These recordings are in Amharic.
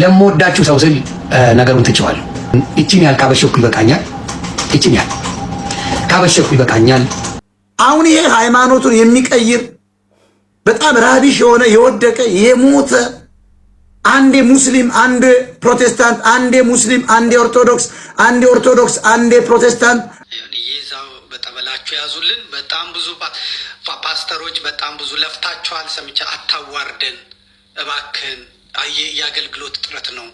ለምወዳችሁ ሰው ስል ነገሩን ትችዋለሁ። እቺን ያህል ካበሸኩ ይበቃኛል። እቺን ያህል ካበሸኩ ይበቃኛል። አሁን ይሄ ሃይማኖቱን የሚቀይር በጣም ራቢሽ የሆነ የወደቀ የሞተ አንዴ ሙስሊም አንዴ ፕሮቴስታንት አንዴ ሙስሊም አንዴ ኦርቶዶክስ አንዴ ኦርቶዶክስ አንዴ ፕሮቴስታንት ይዛው በጠበላችሁ ያዙልን። በጣም ብዙ ፓስተሮች በጣም ብዙ ለፍታችኋል። ሰምቼ አታዋርደን እባክህን የአገልግሎት ጥረት ነው።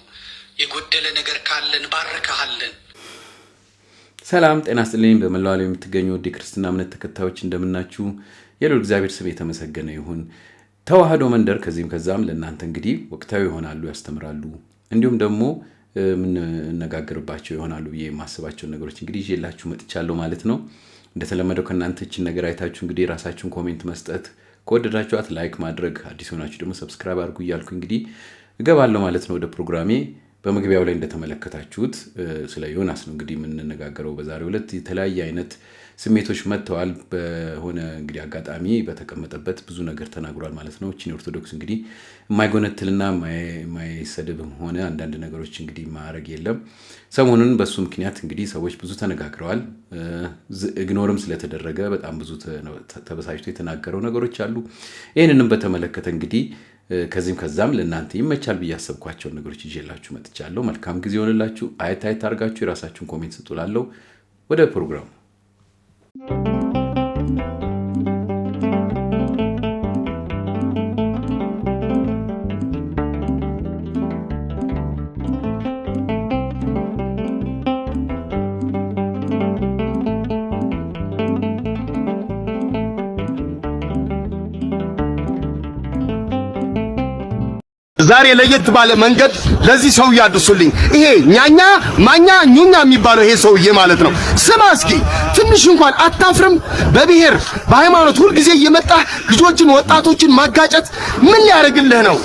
የጎደለ ነገር ካለን ባርካሃለን። ሰላም ጤና ስጥልኝ። በመላው ዓለም የምትገኙ ውድ የክርስትና እምነት ተከታዮች እንደምናችሁ። የልዑል እግዚአብሔር ስም የተመሰገነ ይሁን። ተዋህዶ መንደር ከዚህም ከዛም ለእናንተ እንግዲህ ወቅታዊ ይሆናሉ፣ ያስተምራሉ፣ እንዲሁም ደግሞ የምንነጋገርባቸው ይሆናሉ ብዬ የማስባቸውን ነገሮች እንግዲህ ይዤላችሁ መጥቻለሁ ማለት ነው። እንደተለመደው ከእናንተችን ነገር አይታችሁ እንግዲህ ራሳችሁን ኮሜንት መስጠት ከወደዳችኋት ላይክ ማድረግ፣ አዲስ ሆናችሁ ደግሞ ሰብስክራይብ አድርጉ እያልኩ እንግዲህ እገባለሁ ማለት ነው ወደ ፕሮግራሜ። በመግቢያው ላይ እንደተመለከታችሁት ስለ ዮናስ ነው እንግዲህ የምንነጋገረው በዛሬው ዕለት የተለያየ አይነት ስሜቶች መጥተዋል። በሆነ እንግዲህ አጋጣሚ በተቀመጠበት ብዙ ነገር ተናግሯል ማለት ነው። እችን ኦርቶዶክስ እንግዲህ የማይጎነትልና የማይሰድብም ሆነ አንዳንድ ነገሮች እንግዲህ ማድረግ የለም። ሰሞኑን በሱ ምክንያት እንግዲህ ሰዎች ብዙ ተነጋግረዋል። እግኖርም ስለተደረገ በጣም ብዙ ተበሳጭቶ የተናገረው ነገሮች አሉ። ይህንንም በተመለከተ እንግዲህ ከዚህም ከዛም ለእናንተ ይመቻል ብዬ ያሰብኳቸውን ነገሮች ይዤላችሁ መጥቻለሁ። መልካም ጊዜ ሆንላችሁ። አየት አየት አድርጋችሁ የራሳችሁን ኮሜንት ስጡ። ወደ ፕሮግራሙ Música ዛሬ ለየት ባለ መንገድ ለዚህ ሰውዬ አድርሱልኝ። ይሄ ኛኛ ማኛ ኙኛ የሚባለው ይሄ ሰውዬ ማለት ነው። ስማ እስኪ ትንሽ እንኳን አታፍርም? በብሔር በሃይማኖት ሁልጊዜ እየመጣ ልጆችን ወጣቶችን ማጋጨት ምን ሊያደርግልህ ነው?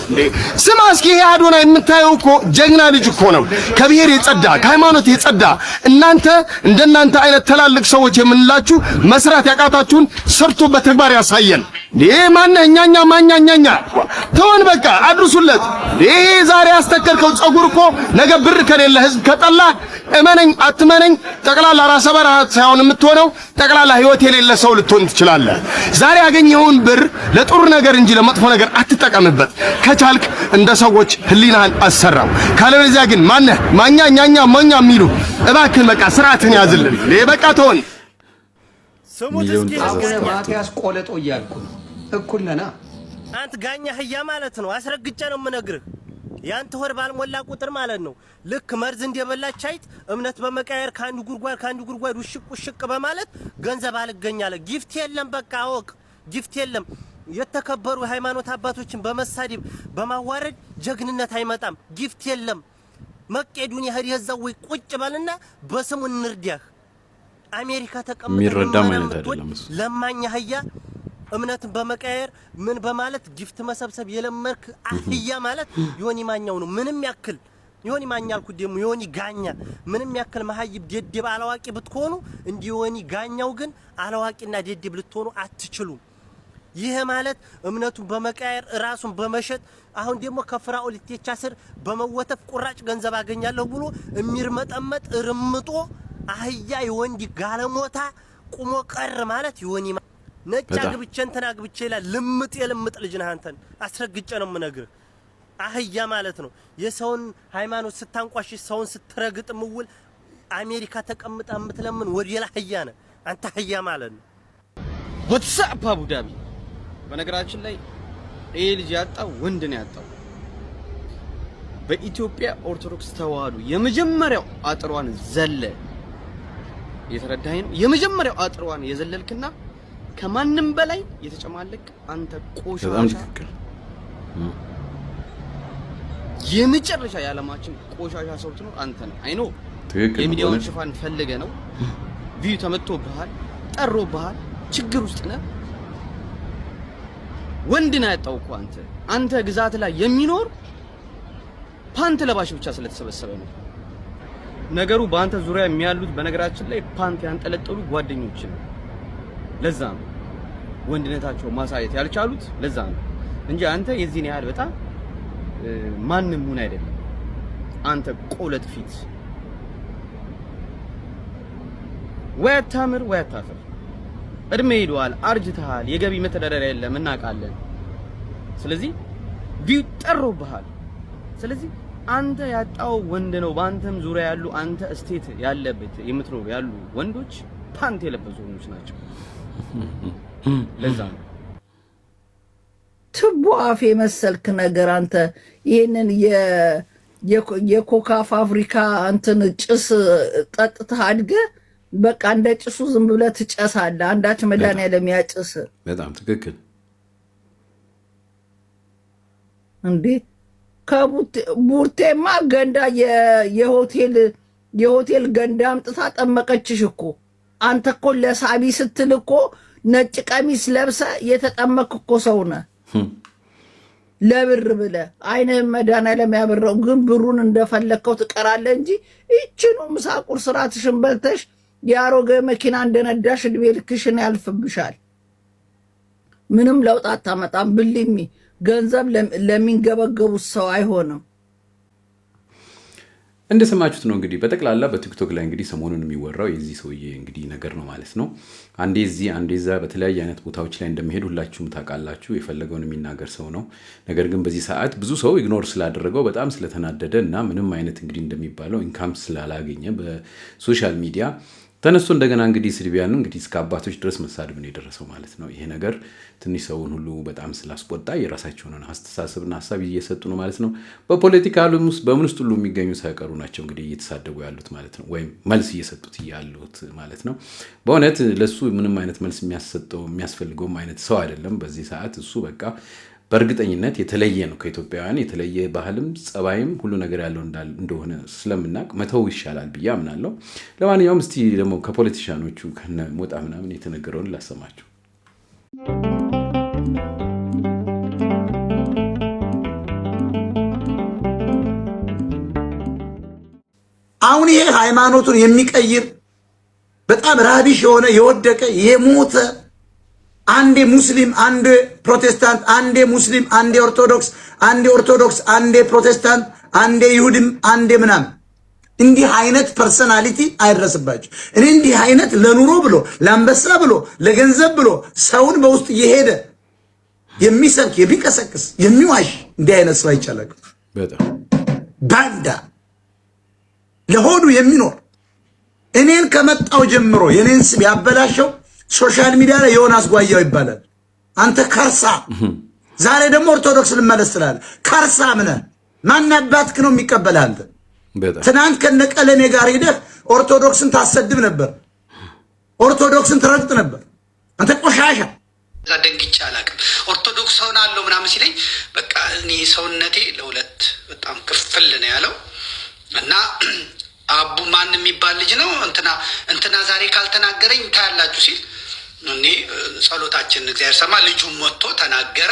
ስማ እስኪ ይሄ አዶና የምታየው እኮ ጀግና ልጅ እኮ ነው፣ ከብሔር የጸዳ ከሃይማኖት የጸዳ እናንተ እንደናንተ አይነት ትላልቅ ሰዎች የምንላችሁ መስራት ያቃታችሁን ሰርቶ በተግባር ያሳየን። ይህ ማነ እኛኛ ማኛኛኛ ተወን፣ በቃ አድርሱለት። ይህ ዛሬ ያስተከልከው ጸጉር እኮ ነገ ብር ከሌለ ህዝብ ከጠላ እመነኝ አትመነኝ ጠቅላላ ራሰ በራ ሳይሆን የምትሆነው ጠቅላላ ህይወት የሌለ ሰው ልትሆን ትችላለህ። ዛሬ ያገኘውን ብር ለጥሩ ነገር እንጂ ለመጥፎ ነገር አትጠቀምበት። ከቻልክ እንደ ሰዎች ህሊናህን አሰራው። ካለበለዚያ ግን ማነ ማኛኛኛ ማኛ የሚሉ እባክህን በቃ ስርዓትን ያዝልን። በቃ ተወን። ሚሊዮን ማቲያስ ቆለጦ እያልኩ ነው እኩል ነና። አንተ ጋኛ አህያ ማለት ነው። አስረግጬ ነው የምነግርህ። ያንተ ሆድ ባልሞላ ቁጥር ማለት ነው። ልክ መርዝ እንደበላች አይጥ እምነት በመቃየር ከአንዱ ጉድጓድ ከአንዱ ጉድጓድ ውሽቅ ውሽቅ በማለት ገንዘብ አልገኛለ። ጊፍት የለም በቃ አወቅ፣ ጊፍት የለም። የተከበሩ የሃይማኖት አባቶችን በመሳደብ በማዋረድ ጀግንነት አይመጣም። ጊፍት የለም። መቄዱን ያህል የዛው ወይ ቁጭ በልና በስሙ እንርዳህ። አሜሪካ ተቀምጠ ለማኛ አህያ እምነትን በመቀየር ምን በማለት ጊፍት መሰብሰብ የለመርክ አህያ ማለት ዮኒ ማኛው ነው። ምንም ያክል ዮኒ ማኛ አልኩት ደግሞ ዮኒ ጋኛ ምንም ያክል መሀይብ ደድብ አላዋቂ ብትሆኑ እንዲ ዮኒ ጋኛው ግን አላዋቂና ደድብ ልትሆኑ አትችሉም። ይሄ ማለት እምነቱን በመቀየር ራሱን በመሸጥ አሁን ደግሞ ከፍራኦል ኢቴቻ ስር በመወተፍ ቁራጭ ገንዘብ አገኛለሁ ብሎ እሚርመጠመጥ ርምጦ አህያ የወንድ ጋለሞታ ቁሞ ቀር ማለት ይሆን ነጭ አግብቼ እንትን አግብቼ ይላል። ልምጥ የልምጥ ልጅ ነህ አንተን አስረግጬ ነው የምነግርህ። አህያ ማለት ነው። የሰውን ሃይማኖት ስታንቋሽ ሰውን ስትረግጥ ምውል አሜሪካ ተቀምጣ የምትለምን ወዲላ አህያ ነህ አንተ። አህያ ማለት ነው። ወትሳፕ አቡዳቢ። በነገራችን ላይ ይህ ልጅ ያጣው ወንድ ነው ያጣው። በኢትዮጵያ ኦርቶዶክስ ተዋህዶ የመጀመሪያው አጥሯን ዘለ። የተረዳኸኝ ነው? የመጀመሪያው አጥሯን የዘለልክና ከማንም በላይ የተጨማለቅ አንተ ቆሻሻ የመጨረሻ የዓለማችን ቆሻሻ ሰው ትኖር አንተ ነህ። አይኖ የሚዲያውን ሽፋን ፈልገ ነው ቪዩ ተመቶብሃል፣ ጠሮብሃል፣ ችግር ውስጥ ነህ። ወንድ ነህ እኮ አንተ አንተ ግዛት ላይ የሚኖር ፓንት ለባሽ ብቻ ስለተሰበሰበ ነው ነገሩ። በአንተ ዙሪያ የሚያሉት በነገራችን ላይ ፓንት ያንጠለጠሉ ጓደኞች ነው። ለዛ ነው ወንድነታቸው ማሳየት ያልቻሉት ለዛ ነው እንጂ አንተ የዚህን ያህል በጣም ማንም ሁን አይደለም። አንተ ቆለጥ ፊት ወይ አታምር ወይ አታፍር። እድሜ ሄደዋል፣ አርጅተሃል፣ የገቢ መተዳደሪያ የለም እናውቃለን። ስለዚህ ቪው ስለዚህ አንተ ያጣው ወንድ ነው። በአንተም ዙሪያ ያሉ አንተ እስቴት ያለበት የምትኖር ያሉ ወንዶች ፓንት የለበሱ ወንዶች ናቸው። ለዛ ነው ትቦ አፍ የመሰልክ ነገር አንተ ይህንን የኮካ ፋብሪካ እንትን ጭስ ጠጥተህ አድገህ በቃ እንደ ጭሱ ዝም ብለህ ትጨሳለህ። አንዳች መድኃኒዓለም ያጭስ በጣም ትክክል እንዴ! ከቡርቴማ ገንዳ የሆቴል ገንዳ አምጥታ ጠመቀችሽ እኮ አንተ እኮ ለሳቢ ስትል እኮ ነጭ ቀሚስ ለብሰ የተጠመክ እኮ ሰው ነ ለብር ብለ አይንህን መዳና ለሚያብረው ግን ብሩን እንደፈለግከው ትቀራለ እንጂ ይችኑ ምሳ ቁርስ ራትሽን በልተሽ የአሮጌ መኪና እንደነዳሽ እድሜ ልክሽን ያልፍብሻል። ምንም ለውጥ አታመጣም። ብልሚ ገንዘብ ለሚንገበገቡት ሰው አይሆንም። እንደሰማችሁት ነው እንግዲህ በጠቅላላ በቲክቶክ ላይ እንግዲህ ሰሞኑን የሚወራው የዚህ ሰውዬ እንግዲህ ነገር ነው ማለት ነው። አንዴ እዚህ አንዴ እዛ በተለያየ አይነት ቦታዎች ላይ እንደሚሄድ ሁላችሁም ታውቃላችሁ። የፈለገውን የሚናገር ሰው ነው። ነገር ግን በዚህ ሰዓት ብዙ ሰው ኢግኖር ስላደረገው በጣም ስለተናደደ እና ምንም አይነት እንግዲህ እንደሚባለው ኢንካም ስላላገኘ በሶሻል ሚዲያ ተነስቶ እንደገና እንግዲህ ስድቢያንም እንግዲህ እስከ አባቶች ድረስ መሳደብ ነው የደረሰው ማለት ነው። ይሄ ነገር ትንሽ ሰውን ሁሉ በጣም ስላስቆጣ የራሳቸውን አስተሳሰብና ሀሳብ እየሰጡ ነው ማለት ነው። በፖለቲካ ዓለም ውስጥ በምን ውስጥ ሁሉ የሚገኙ ሳይቀሩ ናቸው እንግዲህ እየተሳደቡ ያሉት ማለት ነው፣ ወይም መልስ እየሰጡት ያሉት ማለት ነው። በእውነት ለሱ ምንም አይነት መልስ የሚያስፈልገውም አይነት ሰው አይደለም በዚህ ሰዓት እሱ በቃ በእርግጠኝነት የተለየ ነው። ከኢትዮጵያውያን የተለየ ባህልም ጸባይም ሁሉ ነገር ያለው እንደሆነ ስለምናውቅ መተው ይሻላል ብዬ አምናለሁ። ለማንኛውም እስቲ ደግሞ ከፖለቲሻኖቹ ከነ ሞጣ ምናምን የተነገረውን ላሰማችሁ። አሁን ይሄ ሃይማኖቱን የሚቀይር በጣም ራቢሽ የሆነ የወደቀ የሞተ አንዴ ሙስሊም አንዴ ፕሮቴስታንት አንዴ ሙስሊም አንዴ ኦርቶዶክስ አንዴ ኦርቶዶክስ አንዴ ፕሮቴስታንት አንዴ ይሁድም አንዴ ምናም እንዲህ አይነት ፐርሰናሊቲ አይደረስባቸው። እኔ እንዲህ አይነት ለኑሮ ብሎ ለአንበሳ ብሎ ለገንዘብ ብሎ ሰውን በውስጥ እየሄደ የሚሰብክ የሚቀሰቅስ የሚዋሽ እንዲህ አይነት ሰው አይቻለቅም። ባንዳ ለሆዱ የሚኖር እኔን ከመጣው ጀምሮ የኔን ስም ያበላሸው ሶሻል ሚዲያ ላይ ዮናስ ጓያው ይባላል። አንተ ከርሳ ዛሬ ደግሞ ኦርቶዶክስ ልመለስ ትላለ። ከርሳ ምነ አባትክ ነው የሚቀበል አንተ። ትናንት ከነቀለኔ ጋር ሂደህ ኦርቶዶክስን ታሰድብ ነበር፣ ኦርቶዶክስን ትረግጥ ነበር። አንተ ቆሻሻ ደንግጬ አላውቅም። ኦርቶዶክስ ሆናለሁ ምናምን ሲለኝ በቃ እኔ ሰውነቴ ለሁለት በጣም ክፍል ነው ያለው እና አቡ ማን የሚባል ልጅ ነው እንትና እንትና ዛሬ ካልተናገረኝ ታያላችሁ ሲል እኔ ጸሎታችን እግዚአብሔር ሰማ። ልጁም ወጥቶ ተናገረ።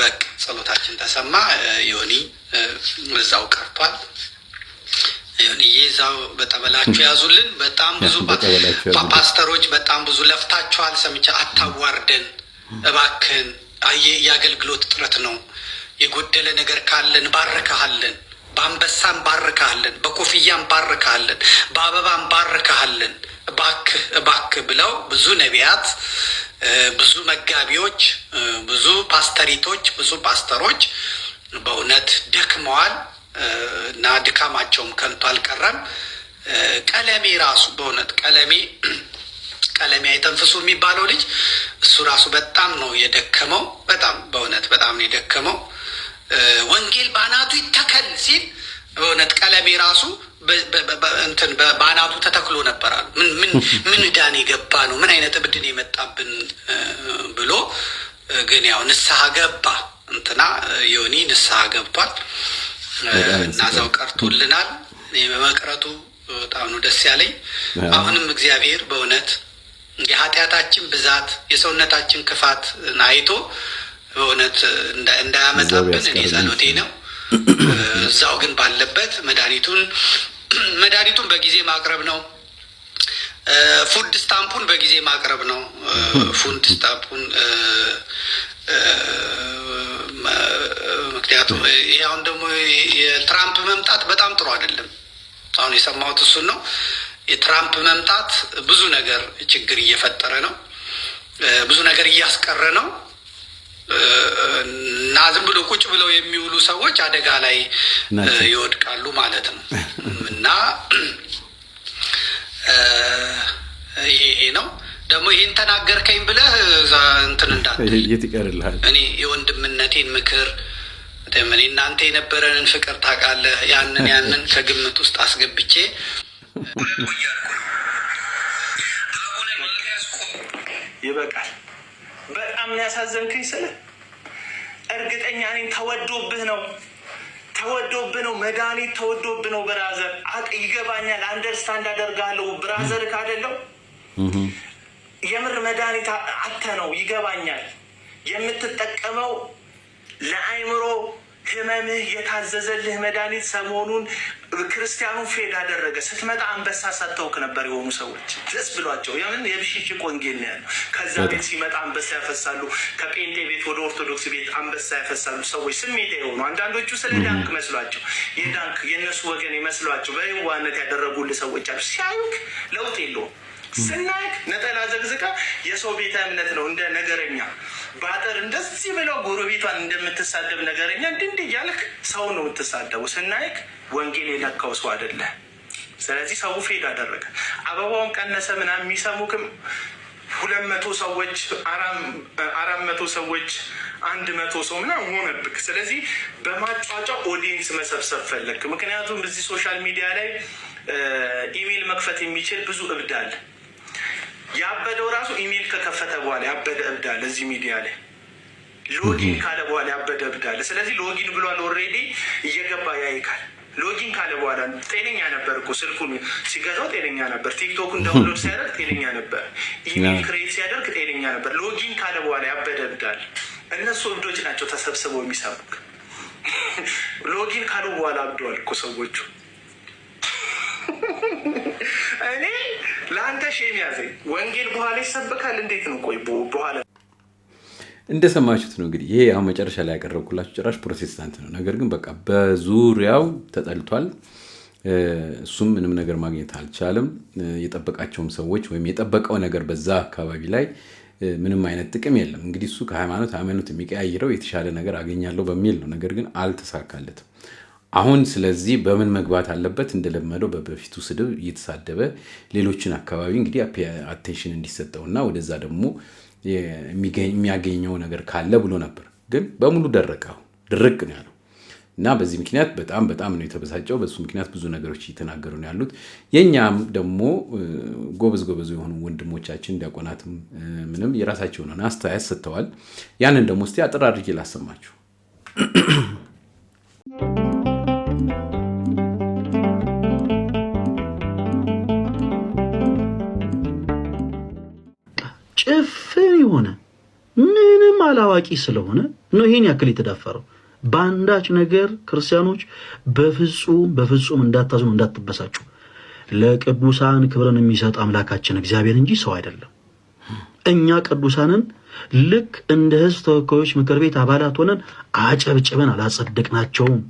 በቃ ጸሎታችን ተሰማ። ዮኒ እዛው ቀርቷል። ዮኒዬ እዛው በጠበላችሁ ያዙልን። በጣም ብዙ ፓስተሮች በጣም ብዙ ለፍታችኋል። ሰምቼ አታዋርደን እባክህን። የአገልግሎት ጥረት ነው። የጎደለ ነገር ካለን ባረከሃለን በአንበሳ እንባርካሃለን፣ በኮፍያ እንባርካሃለን፣ በአበባ እንባርካሃለን፣ እባክህ እባክህ ብለው ብዙ ነቢያት፣ ብዙ መጋቢዎች፣ ብዙ ፓስተሪቶች፣ ብዙ ፓስተሮች በእውነት ደክመዋል እና ድካማቸውም ከንቱ አልቀረም። ቀለሜ ራሱ በእውነት ቀለሜ ቀለሜ አይተንፍሱ የሚባለው ልጅ እሱ ራሱ በጣም ነው የደከመው። በጣም በእውነት በጣም ነው የደከመው። ወንጌል በአናቱ ይተከል ሲል እውነት ቀለሜ ራሱ በአናቱ ተተክሎ ነበራሉ። ምን ምን ዳን የገባ ነው ምን አይነት እብድን የመጣብን ብሎ ግን ያው ንስሐ ገባ እንትና ዮኒ ንስሐ ገብቷል እና ቀርቶልናል። በመቅረቱ በጣም ነው ደስ ያለኝ። አሁንም እግዚአብሔር በእውነት የኃጢአታችን ብዛት የሰውነታችን ክፋት አይቶ በእውነት እንዳያመጣብን እኔ ጸሎቴ ነው። እዛው ግን ባለበት መድኃኒቱን መድኃኒቱን በጊዜ ማቅረብ ነው። ፉድ ስታምፑን በጊዜ ማቅረብ ነው። ፉድ ስታምፑን ምክንያቱም ይሄ አሁን ደግሞ የትራምፕ መምጣት በጣም ጥሩ አይደለም። አሁን የሰማሁት እሱን ነው። የትራምፕ መምጣት ብዙ ነገር ችግር እየፈጠረ ነው። ብዙ ነገር እያስቀረ ነው። እና ዝም ብሎ ቁጭ ብለው የሚውሉ ሰዎች አደጋ ላይ ይወድቃሉ ማለት ነው እና ይሄ ነው ደግሞ ይህን ተናገርከኝ ብለህ እንትን እንዳትቀርልሃል። እኔ የወንድምነቴን ምክር እኔ እናንተ የነበረንን ፍቅር ታውቃለህ። ያንን ያንን ከግምት ውስጥ አስገብቼ ይበቃል። በጣም ያሳዘንክኝ ስል እርግጠኛ ነኝ ተወዶብህ ነው ተወዶብህ ነው መድኃኒት ተወዶብህ ነው። ብራዘር አቅ ይገባኛል፣ አንደርስታንድ አደርጋለሁ። ብራዘር ካደለው የምር መድኃኒት አተ ነው ይገባኛል የምትጠቀመው ለአይምሮ ህመምህ የታዘዘልህ መድኃኒት ሰሞኑን ክርስቲያኑን ፌድ አደረገ። ስትመጣ አንበሳ ሰጥተውክ ነበር። የሆኑ ሰዎች ደስ ብሏቸው የምን የብሽሽቅ ወንጌል ነው ያለው። ከዛ ቤት ሲመጣ አንበሳ ያፈሳሉ። ከጴንጤ ቤት ወደ ኦርቶዶክስ ቤት አንበሳ ያፈሳሉ። ሰዎች ስሜት የሆኑ አንዳንዶቹ ስለ ዳንክ መስሏቸው የዳንክ የእነሱ ወገን የመስሏቸው በህዋነት ያደረጉልህ ሰዎች አሉ። ሲያዩክ ለውጥ የለውም። ስናይክ ነጠላ ዘግዝቃ የሰው ቤተ እምነት ነው እንደ ነገረኛ ባጠር እንደዚህ ብለው ጎረቤቷን እንደምትሳደብ ነገረኛ እንድንድ እያልክ ሰው ነው የምትሳደቡ። ስናይክ ወንጌል የነካው ሰው አይደለ። ስለዚህ ሰው ፌድ አደረገ። አበባውን ቀነሰ ምናምን የሚሰሙክም ሁለት መቶ ሰዎች አራት መቶ ሰዎች አንድ መቶ ሰው ምናምን ሆነብክ። ስለዚህ በማጫጫ ኦዲየንስ መሰብሰብ ፈለግ። ምክንያቱም እዚህ ሶሻል ሚዲያ ላይ ኢሜይል መክፈት የሚችል ብዙ እብድ አለ። ያበደው ራሱ ኢሜል ከከፈተ በኋላ ያበደ እብዳል። እዚህ ሚዲያ ላይ ሎጊን ካለ በኋላ ያበደ እብዳል። ስለዚህ ሎጊን ብሏል። ኦልሬዲ እየገባ ያይካል። ሎጊን ካለ በኋላ ጤነኛ ነበር እኮ ስልኩን ሲገዛው ጤነኛ ነበር። ቲክቶኩን ዳውንሎድ ሲያደርግ ጤነኛ ነበር። ኢሜል ክሬት ሲያደርግ ጤነኛ ነበር። ሎጊን ካለ በኋላ ያበደ እብዳል። እነሱ እብዶች ናቸው ተሰብስበው የሚሰሩት። ሎጊን ካሉ በኋላ አብደዋል እኮ ሰዎቹ እኔ ለአንተ ሼም ያዘኝ። ወንጌል በኋላ ይሰበካል። እንዴት ነው ቆይ በኋላ እንደሰማችሁት ነው እንግዲህ ይሄ አሁን መጨረሻ ላይ ያቀረብኩላችሁ ጭራሽ ፕሮቴስታንት ነው። ነገር ግን በቃ በዙሪያው ተጠልቷል። እሱም ምንም ነገር ማግኘት አልቻለም። የጠበቃቸውም ሰዎች ወይም የጠበቀው ነገር በዛ አካባቢ ላይ ምንም አይነት ጥቅም የለም። እንግዲህ እሱ ከሃይማኖት ሃይማኖት የሚቀያይረው የተሻለ ነገር አገኛለሁ በሚል ነው። ነገር ግን አልተሳካለትም። አሁን ስለዚህ በምን መግባት አለበት? እንደለመደው በበፊቱ ስድብ እየተሳደበ ሌሎችን አካባቢ እንግዲህ አቴንሽን እና ወደዛ ደግሞ የሚያገኘው ነገር ካለ ብሎ ነበር። ግን በሙሉ ደረቀ፣ ድርቅ ነው ያለው እና በዚህ ምክንያት በጣም በጣም ነው የተበሳጨው። በሱ ምክንያት ብዙ ነገሮች እየተናገሩ ነው ያሉት። የእኛም ደግሞ ጎበዝ ጎበዙ የሆኑ ወንድሞቻችን ዲያቆናትም ምንም የራሳቸውን አስተያየት ሰጥተዋል። ያንን ደግሞ እስኪ አጠር አድርጌ ላሰማችሁ። ያክል አዋቂ ስለሆነ ነው ይሄን ያክል የተዳፈረው። በአንዳች ነገር ክርስቲያኖች በፍጹም በፍጹም እንዳታዝኑ፣ እንዳትበሳጩ። ለቅዱሳን ክብርን የሚሰጥ አምላካችን እግዚአብሔር እንጂ ሰው አይደለም። እኛ ቅዱሳንን ልክ እንደ ሕዝብ ተወካዮች ምክር ቤት አባላት ሆነን አጨብጭበን አላጸደቅናቸውም።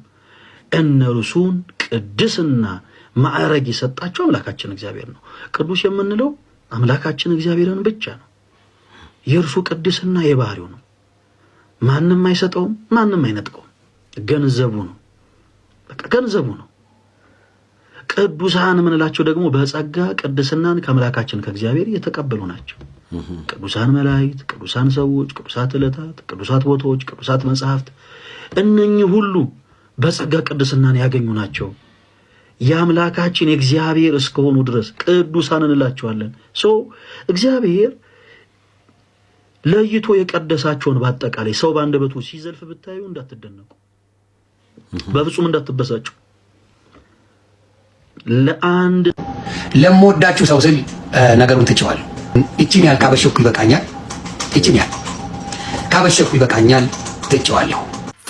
እነርሱን ቅድስና ማዕረግ የሰጣቸው አምላካችን እግዚአብሔር ነው። ቅዱስ የምንለው አምላካችን እግዚአብሔርን ብቻ ነው። የእርሱ ቅድስና የባህሪው ነው። ማንም አይሰጠውም፣ ማንም አይነጥቀውም። ገንዘቡ ነው፣ በቃ ገንዘቡ ነው። ቅዱሳን የምንላቸው ደግሞ በጸጋ ቅድስናን ከአምላካችን ከእግዚአብሔር እየተቀበሉ ናቸው። ቅዱሳን መላእክት፣ ቅዱሳን ሰዎች፣ ቅዱሳት ዕለታት፣ ቅዱሳት ቦታዎች፣ ቅዱሳት መጽሐፍት፣ እነኚህ ሁሉ በጸጋ ቅድስናን ያገኙ ናቸው። የአምላካችን የእግዚአብሔር እስከሆኑ ድረስ ቅዱሳን እንላቸዋለን። ሶ እግዚአብሔር ለይቶ የቀደሳቸውን በአጠቃላይ ሰው በአንደበቱ ሲዘልፍ ብታዩ እንዳትደነቁ፣ በፍጹም እንዳትበሳጩ። ለአንድ ለምወዳችሁ ሰው ስል ነገሩን ትችዋለሁ። እችን ያህል ካበሸኩ ይበቃኛል፣ እችን ያህል ካበሸኩ ይበቃኛል፣ ትችዋለሁ።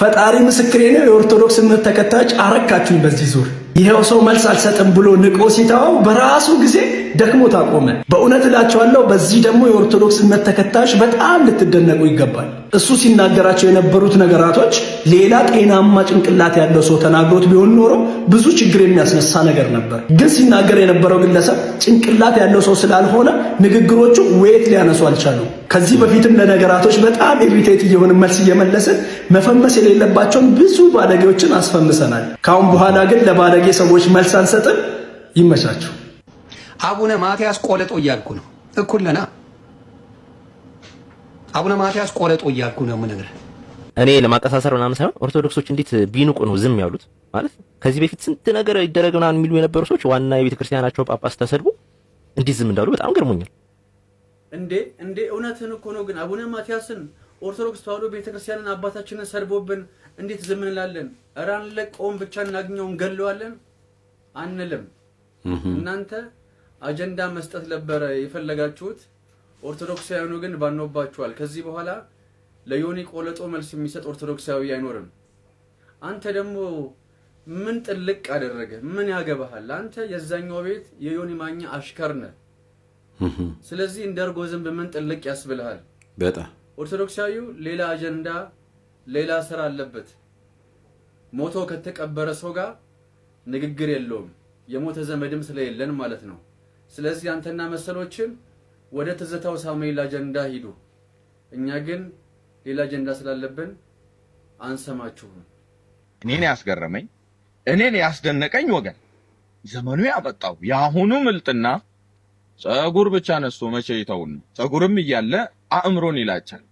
ፈጣሪ ምስክሬ ነው። የኦርቶዶክስ እምነት ተከታዮች አረካችሁኝ በዚህ ዙር ይኸው ሰው መልስ አልሰጥም ብሎ ንቆ ሲተወው በራሱ ጊዜ ደክሞት አቆመ። በእውነት እላቸዋለሁ፣ በዚህ ደግሞ የኦርቶዶክስ እምነት ተከታዮች በጣም ልትደነቁ ይገባል። እሱ ሲናገራቸው የነበሩት ነገራቶች ሌላ ጤናማ ጭንቅላት ያለው ሰው ተናግሮት ቢሆን ኖሮ ብዙ ችግር የሚያስነሳ ነገር ነበር። ግን ሲናገር የነበረው ግለሰብ ጭንቅላት ያለው ሰው ስላልሆነ ንግግሮቹ ወየት ሊያነሱ አልቻሉ። ከዚህ በፊትም ለነገራቶች በጣም ኢሪቴት እየሆን መልስ እየመለስን መፈመስ የሌለባቸውን ብዙ ባለጌዎችን አስፈምሰናል። ከአሁን በኋላ ግን ለባለጌ ሰዎች መልስ አንሰጥም። ይመቻችሁ። አቡነ ማትያስ ቆለጦ እያልኩ ነው እኩለና አቡነ ማትያስ ቆረጦ እያልኩ ነው የምነግርህ። እኔ ለማቀሳሰር ምናምን ሳይሆን ኦርቶዶክሶች እንዴት ቢንቁ ነው ዝም ያሉት? ማለት ከዚህ በፊት ስንት ነገር ይደረግ ምናምን የሚሉ የነበሩ ሰዎች ዋና የቤተ ክርስቲያናቸው ጳጳስ ተሰድቦ እንዴት ዝም እንዳሉ በጣም ገርሞኛል። እንዴ እንዴ እውነትን እኮ ነው። ግን አቡነ ማትያስን ኦርቶዶክስ ተዋህዶ ቤተክርስቲያንን አባታችንን ሰድቦብን እንዴት ዝም እንላለን? ኧረ አንለቀውም፣ ብቻ እናግኘው፣ እንገለዋለን አንልም። እናንተ አጀንዳ መስጠት ነበረ የፈለጋችሁት። ኦርቶዶክሳውያኑ ግን ባኖባችኋል። ከዚህ በኋላ ለዮኒ ቆለጦ መልስ የሚሰጥ ኦርቶዶክሳዊ አይኖርም። አንተ ደግሞ ምን ጥልቅ አደረገ? ምን ያገባሃል? አንተ የዛኛው ቤት የዮኒ ማኛ አሽከር ነህ። ስለዚህ እንደ እርጎ ዝንብ ምን ጥልቅ ያስብልሃል? በጣም ኦርቶዶክሳዊው ሌላ አጀንዳ፣ ሌላ ስራ አለበት። ሞቶ ከተቀበረ ሰው ጋር ንግግር የለውም። የሞተ ዘመድም ስለሌለን ማለት ነው። ስለዚህ አንተና መሰሎችን ወደ ትዝታው ሳሙኤል አጀንዳ ሂዱ። እኛ ግን ሌላ አጀንዳ ስላለብን አንሰማችሁም። እኔን ያስገረመኝ እኔን ያስደነቀኝ ወገን ዘመኑ ያመጣው የአሁኑ ምልጥና ጸጉር ብቻ ነስቶ መቼ ይተውን ጸጉርም እያለ አእምሮን ይላጫል፣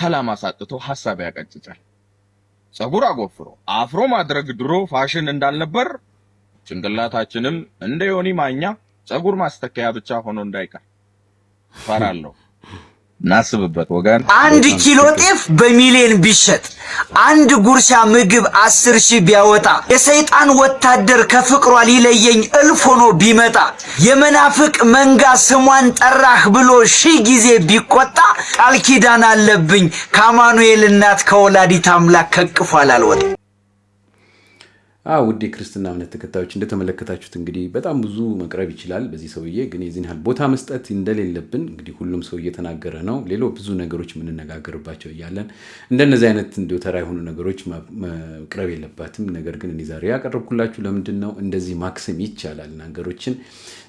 ሰላም አሳጥቶ ሐሳብ ያቀጭጫል። ጸጉር አጎፍሮ አፍሮ ማድረግ ድሮ ፋሽን እንዳልነበር ጭንቅላታችንም እንደ ዮኒ ማኛ ጸጉር ማስተካያ ብቻ ሆኖ እንዳይቀር ፈራለሁ። እናስብበት ወገን። አንድ ኪሎ ጤፍ በሚሊዮን ቢሸጥ አንድ ጉርሻ ምግብ አስር ሺህ ቢያወጣ የሰይጣን ወታደር ከፍቅሯ ሊለየኝ እልፍ ሆኖ ቢመጣ የመናፍቅ መንጋ ስሟን ጠራህ ብሎ ሺህ ጊዜ ቢቆጣ ቃል ኪዳን አለብኝ ከአማኑኤል እናት ከወላዲት አምላክ ከቅፏል አልወጣ ውድ የክርስትና እምነት ተከታዮች እንደተመለከታችሁት እንግዲህ በጣም ብዙ መቅረብ ይችላል በዚህ ሰውዬ። ግን የዚህን ያህል ቦታ መስጠት እንደሌለብን እንግዲህ ሁሉም ሰው እየተናገረ ነው። ሌሎ ብዙ ነገሮች የምንነጋገርባቸው እያለን እንደነዚህ አይነት እንዲ ተራ የሆኑ ነገሮች መቅረብ የለባትም። ነገር ግን እኔ ዛሬ ያቀረብኩላችሁ ለምንድን ነው እንደዚህ ማክሰም ይቻላል ነገሮችን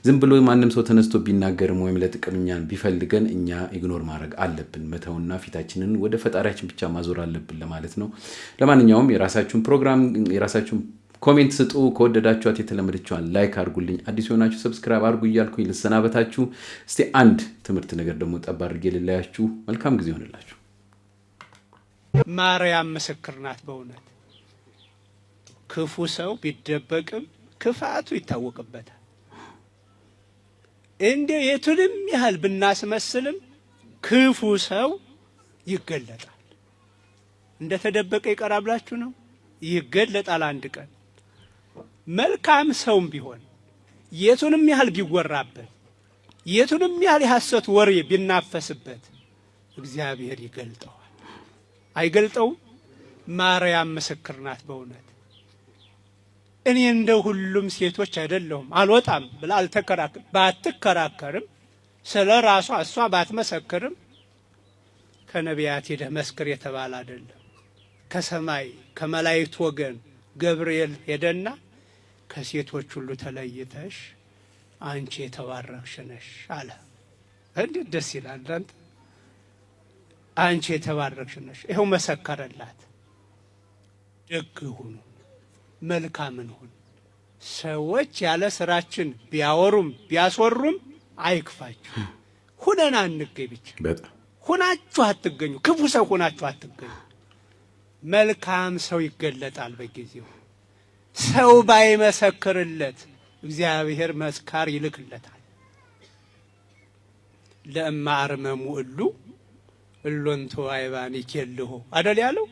ዝም ብሎ ማንም ሰው ተነስቶ ቢናገርም ወይም ለጥቅምኛን ቢፈልገን እኛ ኢግኖር ማድረግ አለብን፣ መተውና ፊታችንን ወደ ፈጣሪያችን ብቻ ማዞር አለብን ለማለት ነው። ለማንኛውም የራሳችሁን ፕሮግራም የራሳችሁን ኮሜንት ስጡ። ከወደዳችኋት የተለመደችዋን ላይክ አድርጉልኝ። አዲስ የሆናችሁ ሰብስክራይብ አድርጉ እያልኩኝ ልሰናበታችሁ። እስቲ አንድ ትምህርት ነገር ደግሞ ጠብ አድርጌ ልለያችሁ። መልካም ጊዜ ሆንላችሁ። ማርያም ምስክር ናት። በእውነት ክፉ ሰው ቢደበቅም ክፋቱ ይታወቅበታል። እንዲ የቱንም ያህል ብናስመስልም ክፉ ሰው ይገለጣል። እንደተደበቀ ይቀራል ብላችሁ ነው? ይገለጣል አንድ ቀን። መልካም ሰውም ቢሆን የቱንም ያህል ቢወራበት የቱንም ያህል የሐሰት ወሬ ቢናፈስበት እግዚአብሔር ይገልጠዋል። አይገልጠውም? ማርያም ምስክር ናት። በእውነት እኔ እንደ ሁሉም ሴቶች አይደለሁም አልወጣም ብላ ባትከራከርም፣ ስለ ራሷ እሷ ባትመሰክርም ከነቢያት ሄደህ መስክር የተባለ አይደለም። ከሰማይ ከመላእክት ወገን ገብርኤል ሄደና ከሴቶች ሁሉ ተለይተሽ አንቺ የተባረክሽ ነሽ አለ። እንዴት ደስ ይላል! አንተ አንቺ የተባረክሽ ነሽ። ይኸው መሰከረላት። ደግ ሁኑ፣ መልካምን እንሁን። ሰዎች ያለ ስራችን ቢያወሩም ቢያስወሩም አይክፋችሁ። ሁነን አንገኝ ብቻ ሁናችሁ አትገኙ። ክፉ ሰው ሁናችሁ አትገኙ። መልካም ሰው ይገለጣል በጊዜው ሰው ባይመሰክርለት እግዚአብሔር መስካር ይልክለታል። ለእማ አርመሙ እሉ እሎንቶ አይባን ይኬልሆ አደል ያለው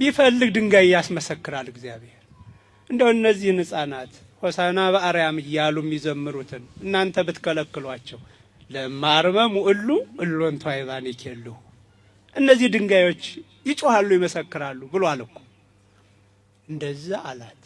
ቢፈልግ ድንጋይ ያስመሰክራል እግዚአብሔር። እንደው እነዚህን ሕፃናት ሆሳና በአርያም እያሉ የሚዘምሩትን እናንተ ብትከለክሏቸው ለእማ አርመሙ እሉ እሎንቶ አይባን ይኬልሆ እነዚህ ድንጋዮች ይጮሃሉ፣ ይመሰክራሉ ብሎ አለኩ። እንደዛ አላት።